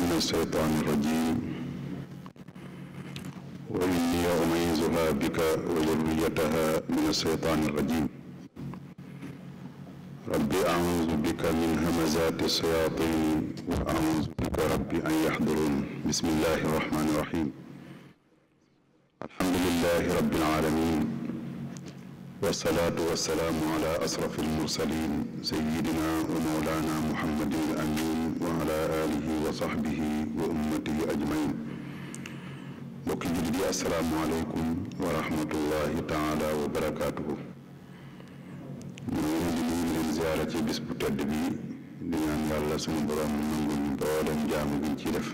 من الشيطان الرجيم وإني أعيذها بك وذريتها من الشيطان الرجيم رب أعوذ بك من همزات الشياطين وأعوذ بك رب أن يحضرون بسم الله الرحمن الرحيم الحمد لله رب العالمين wasalaatu wasalaamu ala asrafi almursalin sayidina wa mawlana muhammadin al amin wa ala alihi wa sahbihi wa ummatihi ajmain mbokki jullit yi asalaamu aleykum wa rahmatullahi taala wa barakaatuhu ñu ngi leen di leen ziyaara ci bis bu tedd bi di ñaan yàlla sunu borom nangu ñu booleem jaamu bi ñu ciy def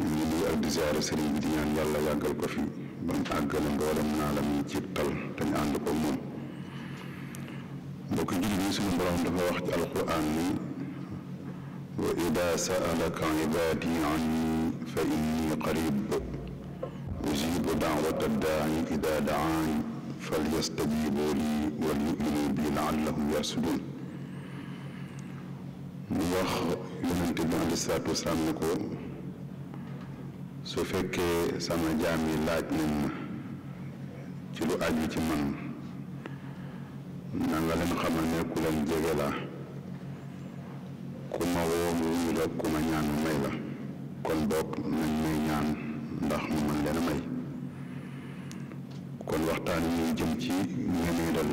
ñu ngi ak di ziyaara sëriñ bi di ñaan yàlla yàggal ko fi ba mu àggale mboolem naa la muy ciib tal te ñu ànd ko moom mbokk jullit ñi suñu borom dafa wax ci alquran ni wa ida saalaka ibadi anni fa inni qarib ujibu daawata daai li wal yuminu bi laallahum yarsudun mu wax yonente bi alei salatu wasalaam ne ko su fekkee sama jaam yi laaj nañ ma ci lu aju ci man na nga leen xamal ne ku leen jege la ku ma woo mu wuyu la ku ma ñaan mu may la kon boog nañ may ñaan ndax mu mën leen a may kon waxtaan yi jëm ci ngëneelal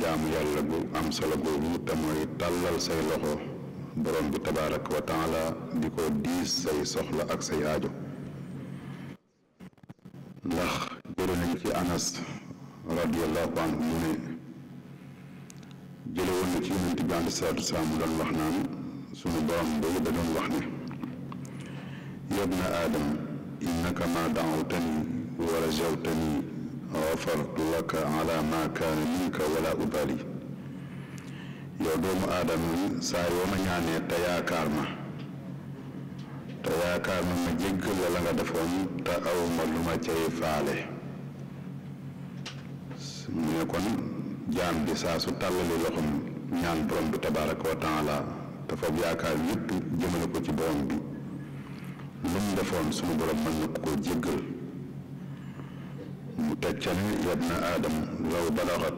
jaamu yàlla gu am solo googu te mooy tàllal say loxo borom bi tabaaraka wa taala ko diis say soxla ak say aajo ndax jële nañ anas radiallahu anhu ne jële woon na ci yonent bi alei sunu borom day da doon wax yabna aadam innaka ma daawtani wa rajawtani gafartu laka ala kaana minka wala ubali yow doomu aadama saa yoo ma ñaanee te yaakaar ma te yaakaar na ma jéggal la nga defoon te aw lu ma cay faale mu ne kon jaam bi saa su tàllali loxoom ñaan borom bi tabaraka wa te foofu yaakaar yépp jëmale ko ci borom bi lu mu defoon sunu borom mën na ko jéggal mu te ca ne yabna aadam law balaxat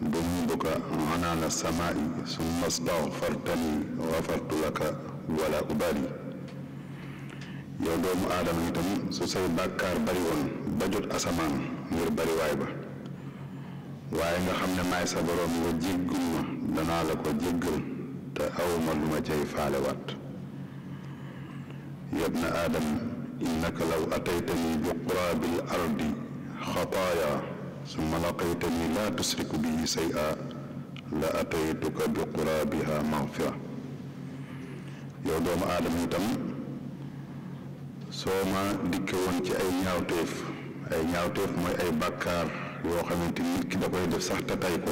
dunuubuka anaana samaa'i summa staxfartani gafartu laka wala ubali yow doomu aadama itam su say bàkkaar bari woon ba jot asamaan ngir bariwaay ba waaye nga xam ne maay sa boroom nga jéggul ma danaa la ko jéggal te awma lu ma cay faalewaat yab law ataytani bi quraabil ardi xataaya summa laqaytani laa tusriku bi shay'a la ataytuka bi quraabiha maghfira yow doomu aadama itam soo ma dikke woon ci ay ñaawteef ay ñaawteef mooy ay bàkkaar yoo xamante nit ki da koy def sax te tay ko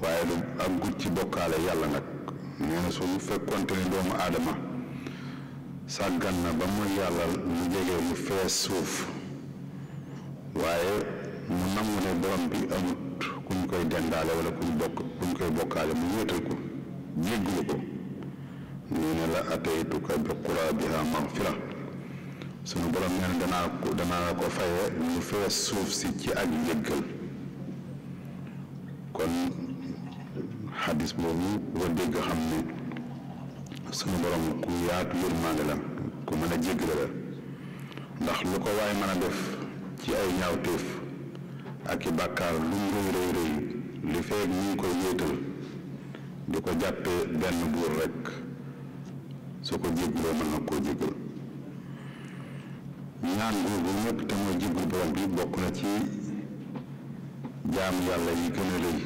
waaye du ak ci bokkaale yàlla nag nee na su fekkonte ne doomu aadama sàggan na ba muy yàlla mu jege mu fees suuf waaye mu nangu ne bi amut kuñ koy dendaale wala kuñ bokk kuñ koy bokkaale mu wéetal ko jégglu ko nee na la ataytuka bi quraabiha magfira sunu borom nee na danaa ko danaa ko faye mu fees suuf si ci ak njëggal kon xadis boobu boo dégg xam ne sunu borom ku yaatu yërmande la ku mën a jéggale la ndax lu ko waay mën a def ci ay ñaawteef ak i bàkkaar lu mu rëy rëy li feeg ñu ngi koy yéetal di ko jàppee benn buur rekk su ko jéggaloo mën na koo jéggal ñaan googu nag te mooy jéggalu borom bi bokk na ci jaamu yàlla yi gën rëy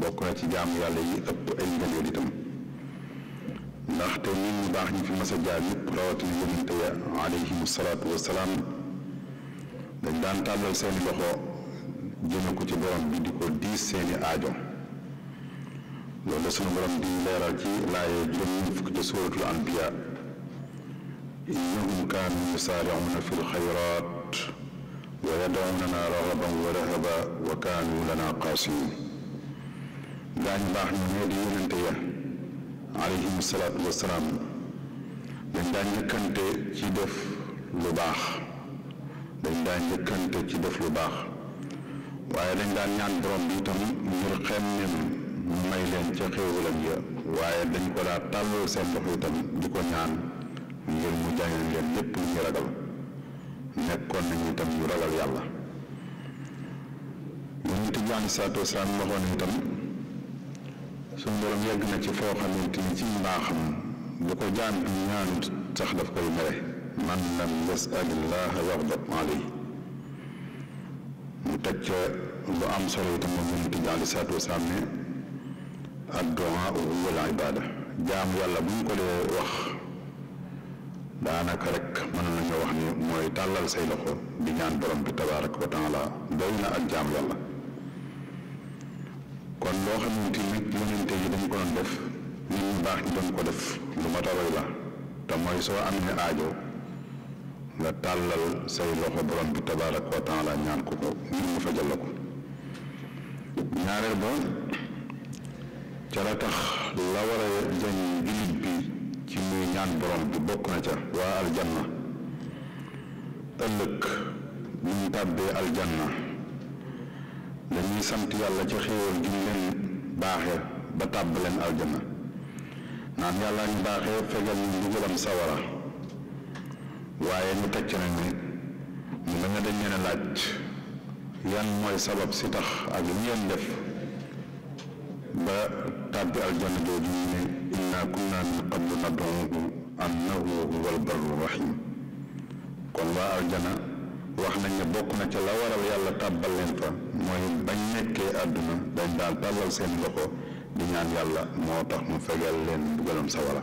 bokk na ci jaamu yàlla yi ëpp ay ngëneel itam ndaxte nit ñu baax ñi fi mas a jaar ñëpp rawatina yonente ya dañ daan tàllal seeni loxo jëme ko ci borom bi di ko diis seeni aajo loolu la sunu borom di leeral ci laaye juróom ñeent fukk ca suratul anbiya إنهم كانوا يسارعون في الخيرات ويدعوننا رغبا ورهبا وكانوا لنا قاسين gaañu baax ñu nee di yonente ya alayhim salaatu wasalaam dañ daa njëkkante ci def lu baax dañ daa ci def lu baax waaye dañ daan ñaan borom bi itam ngir xemmeem mu may leen ca xéewalam ya waaye dañ ko daa tàllal seen loxo itam di ko ñaan ngir mu jàngal leen lépp lu ñu ragal nekkoon nañu tam yu ragal yàlla yonent bi aleyhi salaatu wasalaam waxoon na itam suñu borom yegg na ci foo xamante ni ci mbaaxam bu ko jaam bi ñaan sax daf koy mere man lam yasalillaaha yaxdab aley teg ca lu am solo itam moom yonent bi ibaada jaam yàlla bu ñu ko dee wax daanaka rek mën nañoo wax ni mooy tàllal say loxo di ñaan borom bi tabaaraka wa doy na ak jaam yàlla kon loo xamante ni yonente yi baax ñu doon ko def lu mat a roy la te mooy soo amee aajo nga tàllal say loxo borom bi tabaaraka wa ñaan ko ko ngir mu fajal la ko ñaareel ba ca la tax la war a jañ jullit bi ci muy ñaan borom bi bokk na ca waa aljanna ëllëg bu ñu tàbbee aljanna dañuy sant yàlla ci xéewal gi ñu leen baaxe ba tàbb leen aljanna naan yàlla ñu baaxee mu ñu mbugalam sawara waaye ñu teg ci ne mu nga dañ leen laaj yan mooy sabab si tax ak lu ngeen def ba tàbbi aljanna jooju ñu ne inna kunna min qablu nad'uuhu annahu huwal barru rahim kon waa aljana wax nañ ne bokk na ca la waral yàlla tàbbal leen fa mooy bañ nekkee àdduna dañ daal tàllal seen loxo di ñaan yàlla moo tax mu fegal leen bugalam sa wala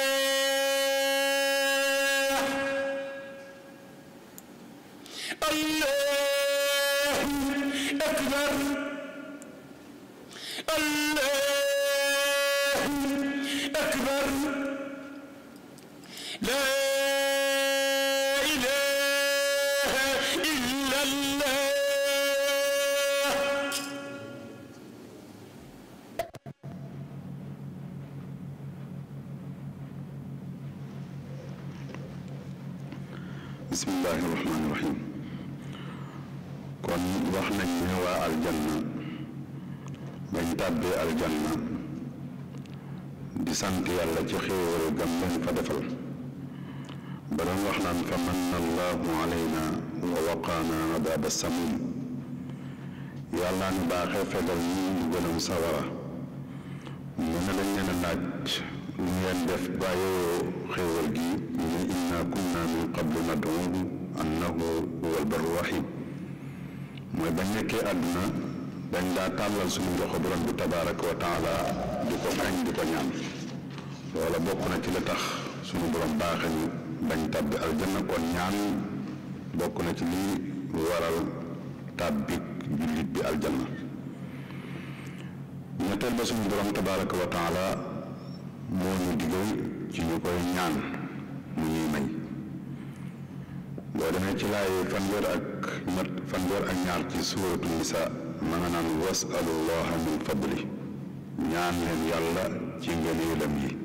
assalaamu alayna wa waqaana adaaba samum yàlla ni dañ leen a laaj dañ daa tàllal suñu loxo borom bi tabaaraka wa taala di ko bokk na ci la tax suñu borom baaxe dañ tàbbi aljanna kon ñaan bokk na ci lii waral tàbbi jullit bi aljanna ñetteel ba suñu borom tabaraka wa taala moo ci ñu koy ñaan mu ñuy may boo demee ci laay fanweer ak ñett fanweer ak ñaar ci suuratu nisa ma nga naan wasalullaha min fadli ñaan leen yàlla ci ngëneelam yi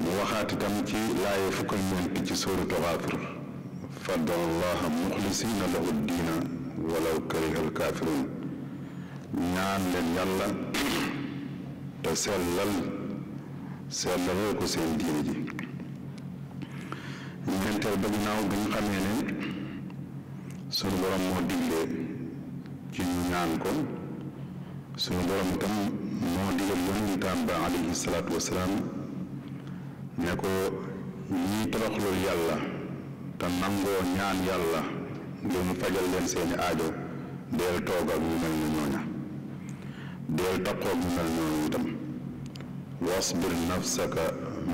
mu waxaat itam ci laaye fukk ak ñeent ci suuratu Gaafir fad'u llaaha muxlisiina lahu diina walaw kariha alkaafiruun ñaan leen yàlla te sellal sellal ko seen diine ji ñeenteel ba ginnaaw bi ñu xamee ne sunu borom moo diglee ci ñu ñaan ko sunu borom itam moo digal yonentam ba alayhi salaatu wasalaam ne ko ñii toroxlul yàlla te nangoo ñaan yàlla ngir mu fajal leen seeni aajo deel toog ak ñu mel ni ñooña deel taqoo ak ñu mel ñooñu itam wasbir nafsaka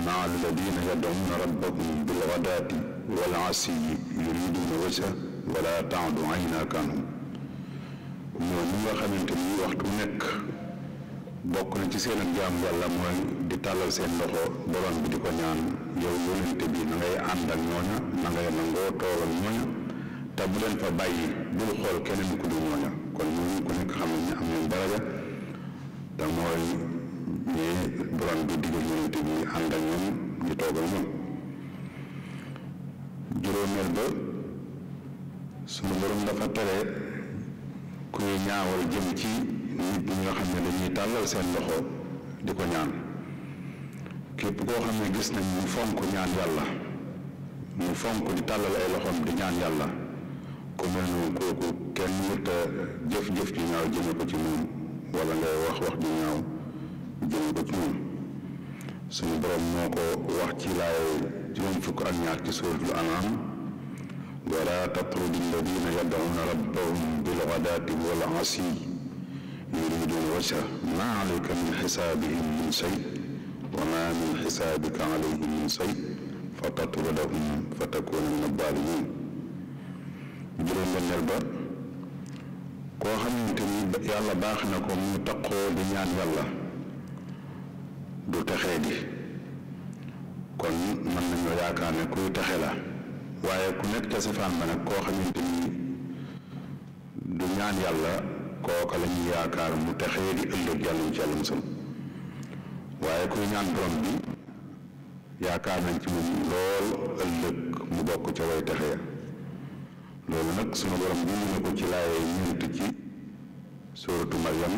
maa alladina yad'una rabbahum bilghadaati wal asiyi yuriduna wajha wala taadu aynaka anhum ñoo ñi nga xamante ni waxtu nekk bokk na ci seen ak jaam yàlla mooy di tàllal seen loxo borom bi di ko ñaan yow yonente bi na ngay ànd ak ñooña na nangoo tool ak te bu leen fa bàyyi bul xool keneen ku du ñooña kon ñooñu ku nekk xam ne am nañ daraja te mooy ñi bi digal yonente bi ànd ak ñoom ñu toogal ak ñoom juróomeel ba sunu borom dafa tere kuy ñaawal jëm ci nit ñi nga xam ne dañuy tàllal seen loxo di ko ñaan képp koo xam ne gis nañ mu fonk ñaan yàlla mu fonk di tàllal ay loxoom di ñaan yàlla ku mel noonu kooku kenn mënta jëf-jëf ju ñaaw jëme ko ci moom wala ngay wax wax ju ñaaw jëme ko ci moom suñu borom moo ko wax ci laay juróom fukk ak ñaar ci suuratul An'aam wala tatrudi alladina yad'una rabbahum bilghadaati wal 'ashiyyi yuriduuna wajha maa alayka min xisaabihim min shay wa min xisaabika alayhim min shay fa tatrudahum fa takuuna min addaalimin yàlla baax na ko mu taqoo di ñaan yàlla du texee di kon mën nañoo yaakaar ne kuy texe la waaye ku nekk ca safaan ba nag koo xamante ni du ñaan yàlla kooka la yaakaar mu texee di ëllëg yàlla ñu ci yàlla musal waaye kuy ñaan borom bi yaakaar nañ ci moom lool ëllëg mu bokk ca way texee loolu nag suma borom bi ñu ko ci lay ñeent ci suuratu Maryam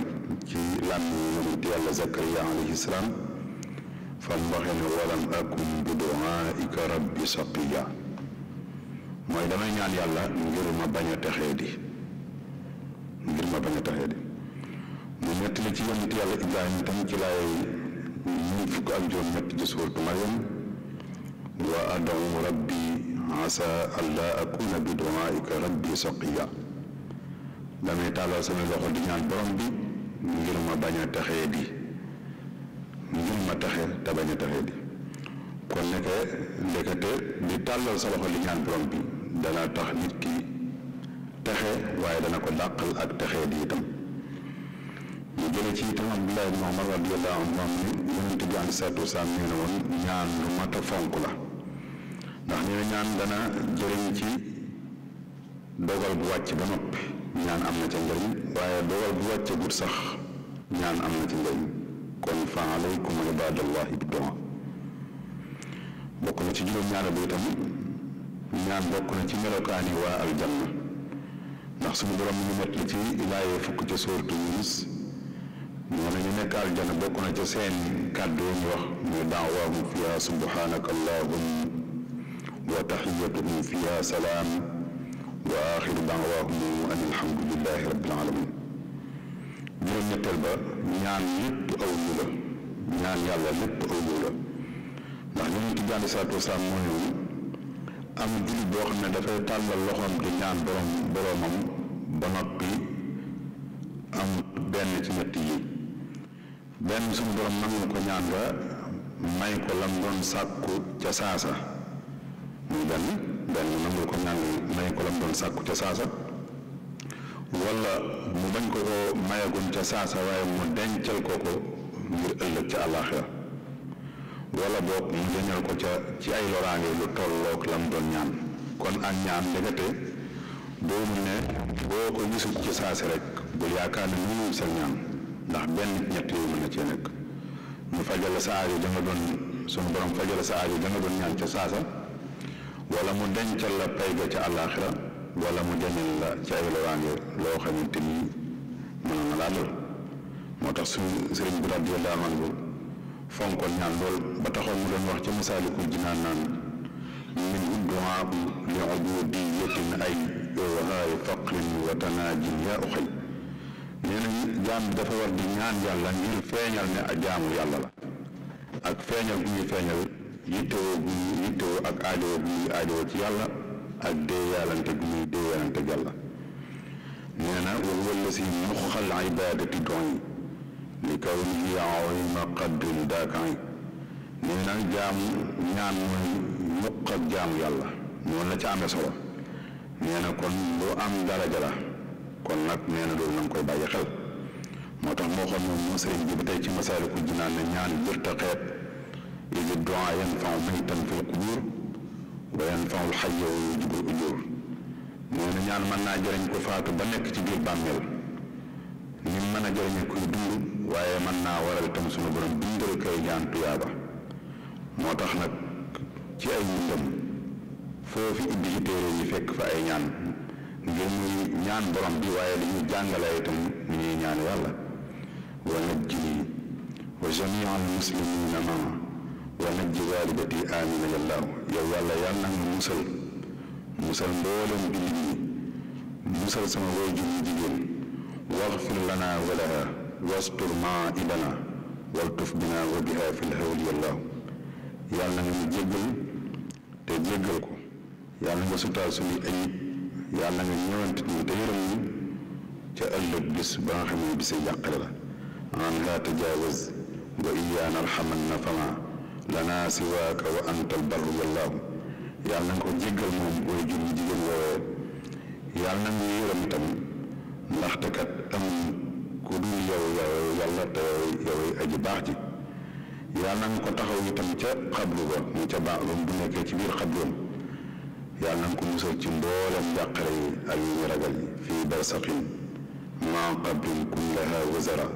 ci làmmi yonent yàlla Zakariya alayhi salaam fam waxee ne walam akum bi du'aika rabbi saqiya mooy damay ñaan yàlla ngir ma bañ a texee di ngir ma bañ a taxee di mu nettali ci yonent yàlla Ibrahima tam ci laay yi fukk ak juróom-ñett ci suuratu Maryam wa rabbi asa allaa akuna bi du'aika rabbi saqiya damay tàllal sama loxo di ñaan borom bi ngir ma bañ a taxee di ngir ma taxe te bañ a taxee di kon nekke ndekete di tàllal sa loxo di ñaan borom bi dana tax nit ki texe waaye dana ko dàqal ak texe di itam ñu jële ci itam Abdullah ibn Umar radiyallahu anhu moom ni yonente bi alei salatu wasalaam nee na woon ñaan lu mat fonk la ndax nee na ñaan dana jëriñ ci dogal bu wàcc ba noppi ñaan am na ca njëriñ waaye dogal bu wàcc gut sax ñaan am na ca njëriñ kon fa alaykum ibadallahi bi doa bokk na ci juróom-ñaara bi itam ñaan bokk na ci melokaani waa aljanna ndax suñu borom mi ngi nekk fukk ca sóortu Yunus moo ne ñu nekk aljana bokk na ca seen kàddu yi ñu wax muy daawaahum fiha subhanaka allahum wa taxiyatuhum fiha salaam wa axiru daawaahum an alhamdulilahi rabbil alamin juróom-ñetteel ba ñaan lépp aw ñu la ñaan yàlla lépp aw ñu la ndax ñooñu ci jàll salaatu wasalaam moo ñëw am jullit boo xam ne dafay tàllal loxoom di ñaan borom boromam ba noppi am benn ci ñett yi benn suñu borom nangul ko ñaan nga may ko lam doon sàkku ca saasa muy benn benn nangul ko ñaan nga may ko ca saasa wala mu bañ ko ko mayagum ca waaye mu dencal ko ko ngir ëllëg ca àllaaxira wala boog mu dencal ko ca ci ay loraange lu tolloog lam doon ñaan kon ak ñaan ndegete boobu ne boo ko gisul ci saasi rek bul yaakaar ne mënul sa ñaan ndax benn ñett yooyu mën na cee nekk mu fajal sa aajo ja nga doon sunu borom fajal sa aajo ja doon ñaan ca saasa wala mu dencal la pay ga ca àllaaxira wala mu jëndal la ci ay loraange loo xamante ni mën na laa lool moo tax suñu sëriñ bi radiyallaahu anhu fonkoon ñaan lool ba taxoon mu doon wax ca masaalikul jinaan naan min du'aa li ubuudiyatin ay walaayu faqrin wa tanaajin yaa uxay nee nañ jaam dafa war di ñaan yàlla ngir feeñal ne ak jaamu yàlla la ak feeñal bu ñuy feeñal yittewoo bu ñuy ak aajowoo bu ñuy aajowoo ci yàlla ak déeyaalante bu ñuy déeyaalante yàlla nee na wa huwa allasi muxxal ibaadati doy li kawnihi azima qadrin daakaay na jaamu la ca amee solo nee na kon lu am daraja la kon nag nee na loolu na nga koy bàyyi xel moo tax moo xam moom moo sëriñ bi ba tey ci Masaalikul Jinaan ne ñaan jërta xeet idi doa yanfau maytan fil qubur wa yanfau lxayya wa yujibul ñaan mën naa jëriñ ko faatu ba nekk ci biir bàmmeel mën a jëriñe kuy dund waaye mën naa waral itam sunu borom bindal koy ñaan tuyaaba moo tax nag ci ay mbindam foofu ubbi ci téere fekk fa ay ñaan ngir muy ñaan borom bi waaye dañuy jàngale itam mu ñuy ñaan yàlla wa najjini wa jamii al muslimina wa najji waalidati amina yàlla yàlla nga musal musal mboolem jullit ñi musal sama waajur yu jigéen waxfir lanaa wa lahaa wastur maidanaa waltuf binaa wa bihaa fi lhawli yallaahu yàlla nga ñu jéggal te jéggal ko yàlla nga sutaal suñu ayib yàlla nga ñëwantit ñu te yërëm ñu ca ëllëg bis ba nga xam ne bisi la maanaam laa tajaawaz wa iyaana arxaman na fama lana siwaaka wa anta albarru wallaahu yàlla nga ko jéggal moom booy jur ñu jigéen woowee yàlla nga yërëm tam ndaxte kat am ku dul yow yow yàlla te baax ji yàlla ko taxaw itam ca xablu ba mu ca baax bu nekkee ci biir xabloom yàlla ko musal ci mboolem jàqare yi ak yi ñu ragal yi fii barsaqin maa qabrin kun wazara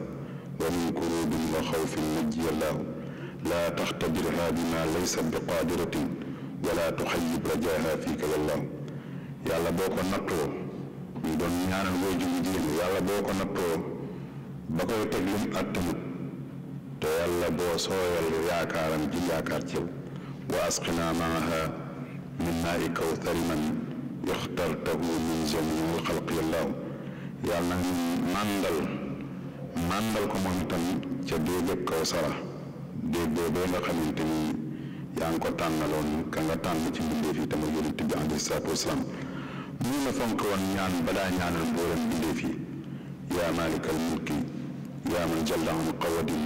wa min kurubin wa xawfin najjiya llaahu laa taxtajirha bima laysa bi qaadiratin wala tuxayib rajaha fiika yallaahu yàlla boo ko nattoo ñu doon ñaanal booy jugu jigéen boo ko nattoo ba koy teg lim attamut te yàlla boo sooyal yaakaaram ji yaakaar ci yow maaha min maa i kawsari man yoxtartahu min jamil xalqi allah yàlla na màndal màndal ko moom itam ca déegëb kawsara déeg boobee nga xamante ni yaa ngi ko tànnaloon ka nga tànn ci mbindeef yi tamit yonent bi alayhi salaatu wasalaam mu la fonk woon ñaan balaa ñaanal mbooleem mbindeef yi yaa maalikal mulki yaa man jalla an qawadin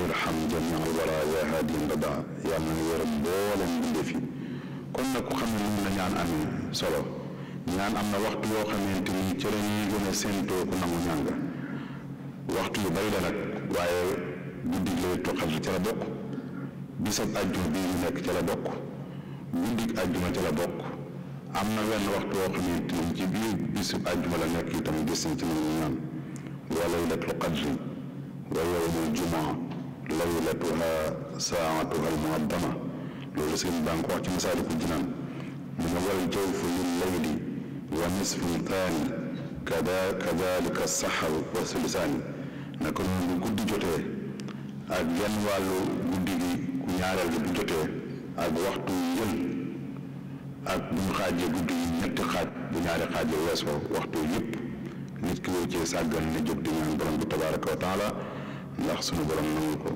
irham jamia alwara ya haadiyan rada yàlla na nga yore mbooleem kon nag ku xam ne noonu la ñaan amee solo ñaan am na waxtu yoo xamante ni ci la ñuy gën a séentoo ku nangu ñaan ga waxtu yu bari la nag waaye guddi laylatul qadr ca la bokk bisab ajjuma bii ñu nekk ca la bokk guddik ajjuma ca la bokk am na wenn waxtu woo xamante ni ci biir bisub ajjuma la nekk itam gis nañ ci nangu ñaan wa laylatul qadri wa yawmul jumaa laylatuha saatuha almuaddama loolu sëriñ baa ngi ko wax ci Masaalikul Jinaan mu ne wal jawfu lil layli wa nisfu taani kada kadalika saxar wa sulisaani naka noonu bu guddi jotee ak genn wàllu guddi gi ku ñaareel gi bu jotee ak waxtu njël ak bu ñu xaajee guddi gi ñetti xaaj bu ñaari xaajee weesoo waxtu yëpp nit ki woo cee sàggan ne jóg di ñaan borom bi wa taala ndax sunu borom nangu ko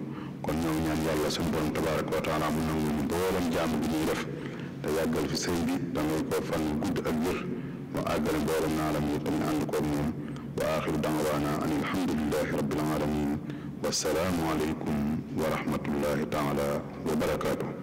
kon ñoo ñaan yàlla suñu borom tabaaraka wa taala mu nangu ñu boolam jaamu bi ñuy def te yàggal fi sëy bi ko fan gudd ak wér mu àggale boolam naa lam yi tamit ànd koog moom wa axiru daawaana an alhamdulilahi rabbil alamin wasalaamu aleykum wa taala wa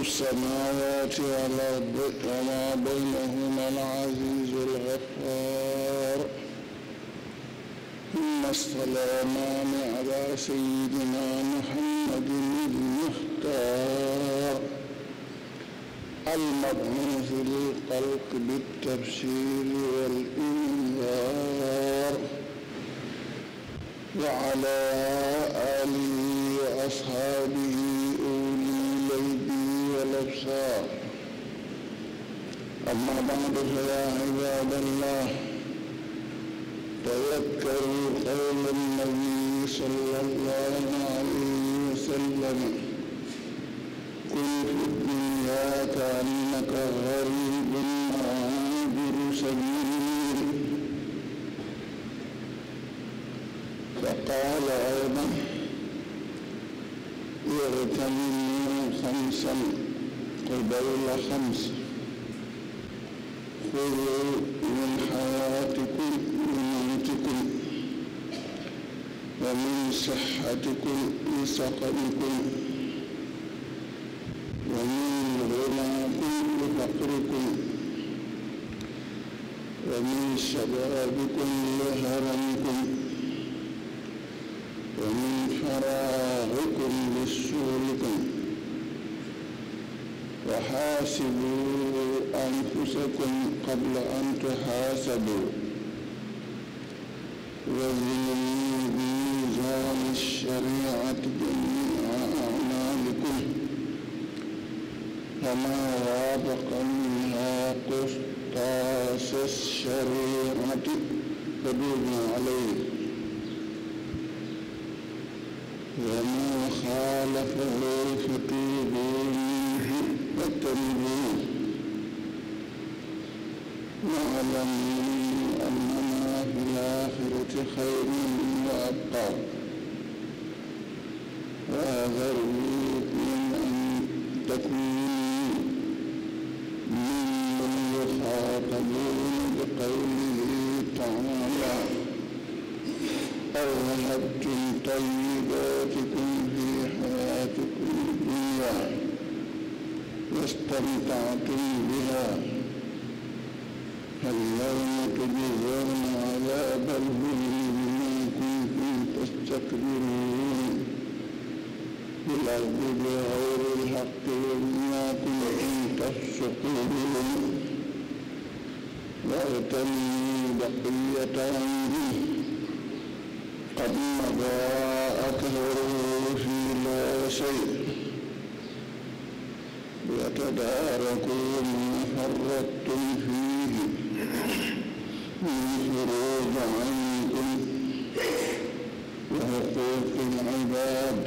السماوات وما بينهما العزيز الغفار ثم السلامان على سيدنا محمد المختار المبعوث للخلق بالتبشير والإنذار وعلى آله وأصحابه أما بعد فيا عباد الله تذكروا قول النبي صلى الله عليه وسلم كن في الدنيا كأنك غريب مهاجر سبيل فقال أيضا اغتنم خمسا قبيل خمس خذوا من حياتكم من موتكم ومن صحتكم من سقمكم ومن غناكم لفقركم ومن شبابكم لهرمكم ومن فراغكم لسوركم وحاسبوا أنفسكم قبل أن تحاسبوا وزنوا بميزان الشريعة جميع أعمالكم فما وافق منها قسطاس الشريعة فدوم عليه وما خالفه فطيبوا منه فاتبعوه واعلموا أنما في الآخرة خير وأبقى وأذرني من أن تكوني ممن يخاطبون بقوله تعالى أو وهبتم طيباتكم في حياتكم الدنيا واستمتعتم بها اللهم تجيبنا على بلده من كنتم تستكبرون في الأرض بغير الحق وما كنتم تفسقون وارتموا بقية عنده قد مضى أكثره في لا شيء يتداركون حرتم فيه شرور أنفسكم وحقوق العباد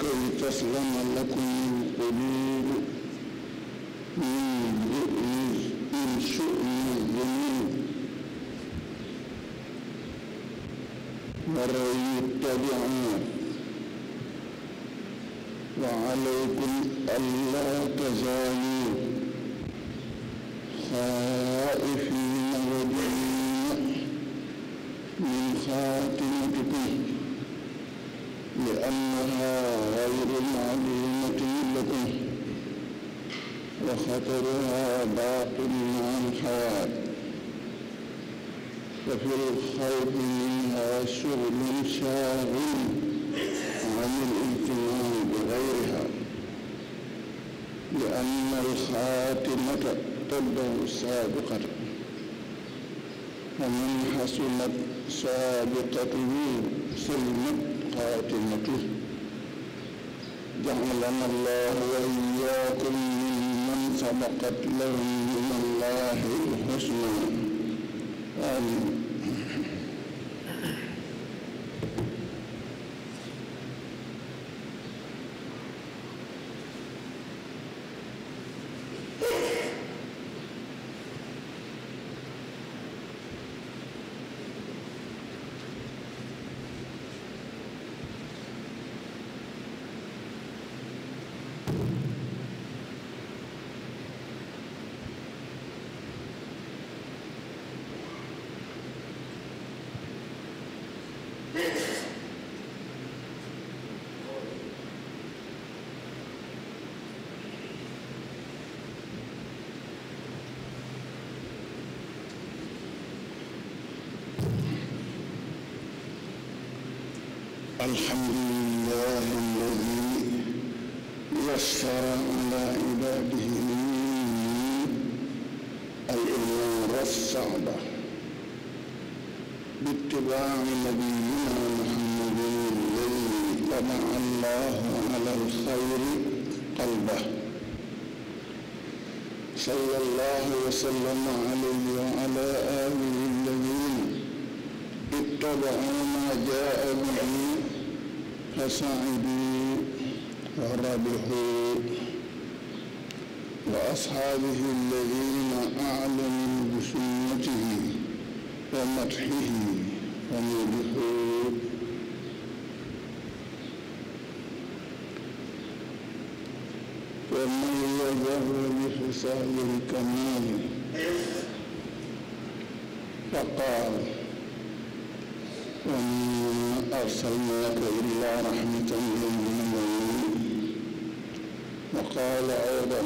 كي تسلم لكم القلوب من شؤم الذنوب ومن يتبعون وعليكم ألا تزالوا أنها غير معلومة لكم وخطرها باق مع الحياة ففي الخوف منها شغل شاغل عن الامتناع بغيرها لأن الخاتمة تبدأ السابقة ومن حسنت سابقته سلمت الفاتحة جعلنا الله وإياكم ممن سبقت له من الله الحسنى آمين الحمد لله الذي يسر على عباده الأمور الصعبة باتباع نبينا محمد الذي طبع الله على الخير قلبه صلى الله وسلم عليه وعلى آله الذين اتبعوا ما جاء به والساعدين والرابحين وأصحابه الذين أعلموا بسنته ومدحه ومدحوه ومن يظهر بخصال الكمال فقال ومن أرسلناك إلا رحمة للعالمين وقال أيضا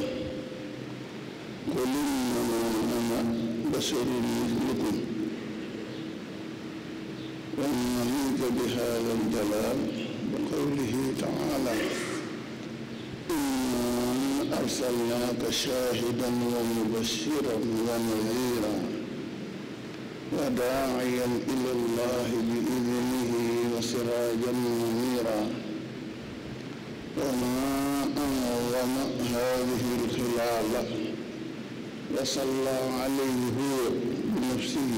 قل إنما أنا بشر مثلكم وما منك بهذا الجلال بقوله تعالى إنا أرسلناك شاهدا ومبشرا ونذيرا وداعيا إلى الله بإذنه سراجا منيرا وما أعظم هذه الخلافة وصلى عليه هو بنفسه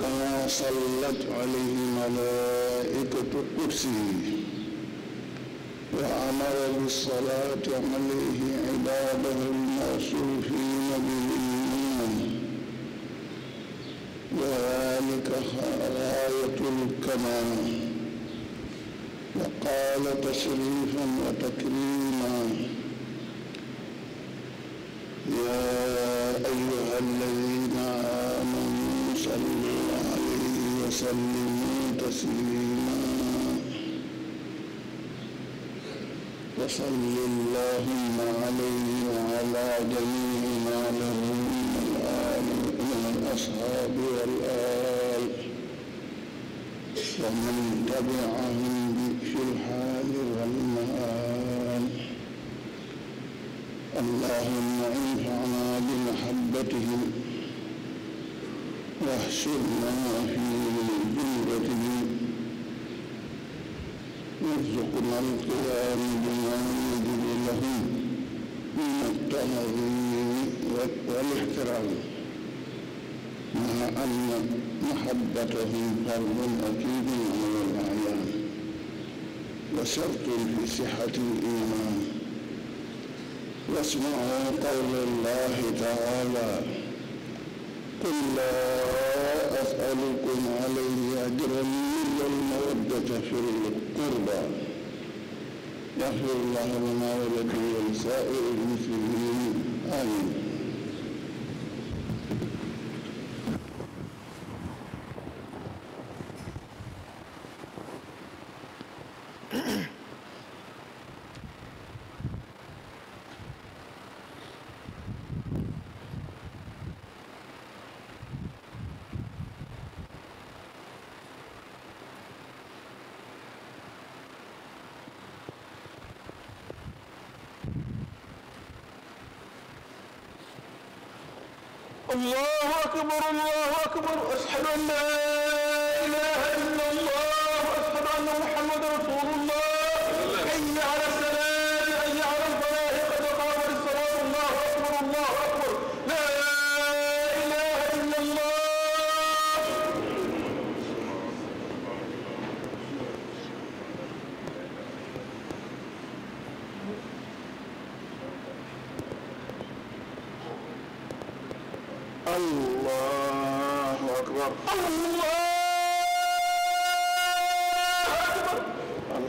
كما صلت عليه ملائكة قدسه وأمر بالصلاة عليه عباده الموصوفين بالإيمان ذلك غاية الكمال وقال تشريفا وتكريما يا أيها الذين آمنوا صلوا عليه وسلموا تسليما وصل اللهم عليه وعلى جميع ما له من الآل من الأصحاب والأهل ومن تبعهم بالإلحاد والمآل اللهم انفعنا بمحبتهم واحشرنا في جنبتهم وارزقنا القيام بما يجب لهم من التعظيم والاحترام مع أن محبتهم فرض أكيد وشرط في صحة الإيمان واسمعوا قول الله تعالى قل لا أسألكم عليه أجرا إلا المودة في القربى يغفر الله لنا ولكم ولسائر المسلمين آمين الله أكبر الله أكبر أشهد أن لا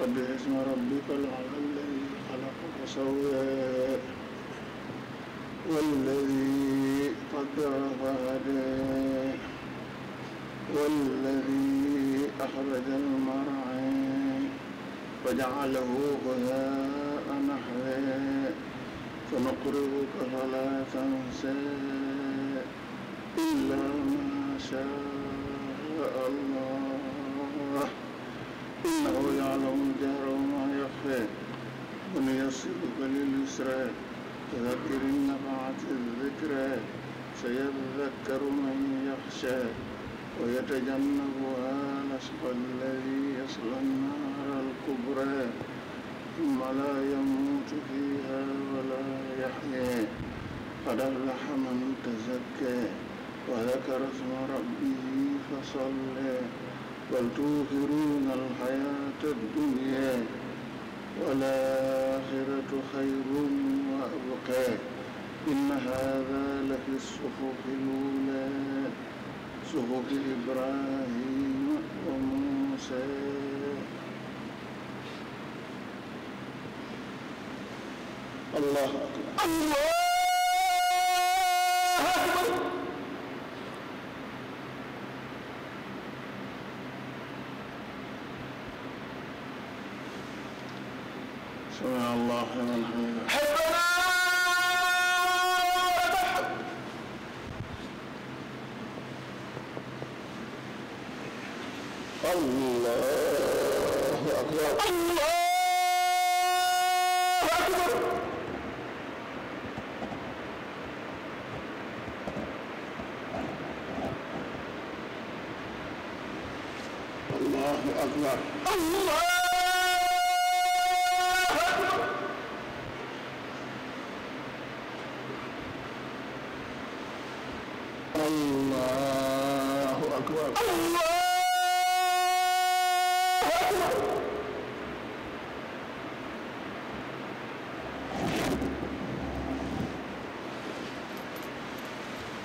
sabbih isma rabbika al-a'la alladhi khalaqa fasawwa والذي قدر فهدى والذي أخرج المرعى فجعله غثاء نحوا سنقرئك فلا تنسى إلا ما شاء ويسرك لليسرى وذكر النفعة الذكرى سيذكر من يخشى ويتجنبها الأشقى الذي يصلى النار الكبرى ثم لا يموت فيها ولا يحيى قد أفلح من تزكى وذكر اسم ربه فصلى بل توثرون الحياة الدنيا والآخرة خير وأبقى إن هذا لفي الصحف الأولى صحف إبراهيم وموسى الله أكبر الله أكبر الله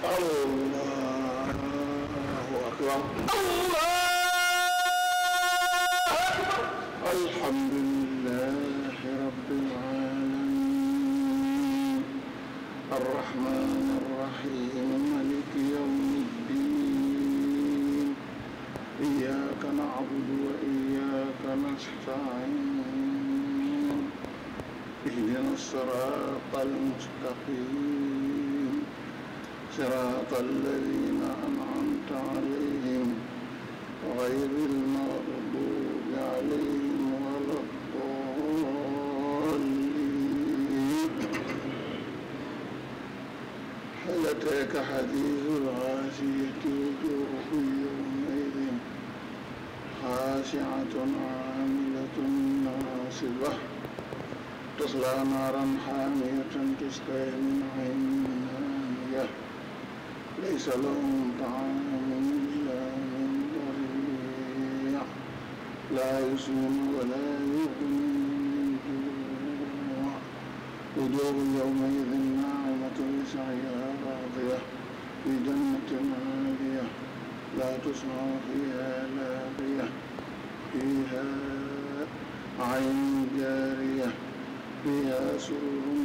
الله أكبر الله الحمد لله رب العالمين الرحمن الرحيم ملك يوم الدين إياك نعبد وإياك نستعين اهدنا الصراط المستقيم صراط الذين أنعمت عليهم غير المغضوب عليهم ولا الضالين هل أتاك حديث الغاشية وجوه يومئذ خاشعة عاملة ناصبة تصلى نارا حامية تسقى من عين سلام طعام إلا من ضريع لا يسمن ولا يغني من جوع وجوه يومئذ ناعمة لسعيها راضية في جنة عالية لا تسمع فيها لاغية فيها عين جارية فيها سرور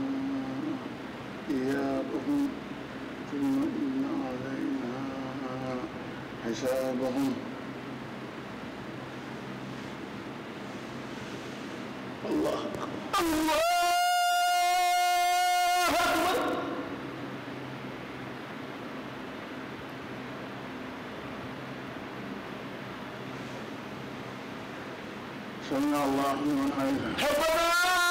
إيابهم ثم إن علينا حسابهم الله أكبر الله أكبر سمع الله لمن حمده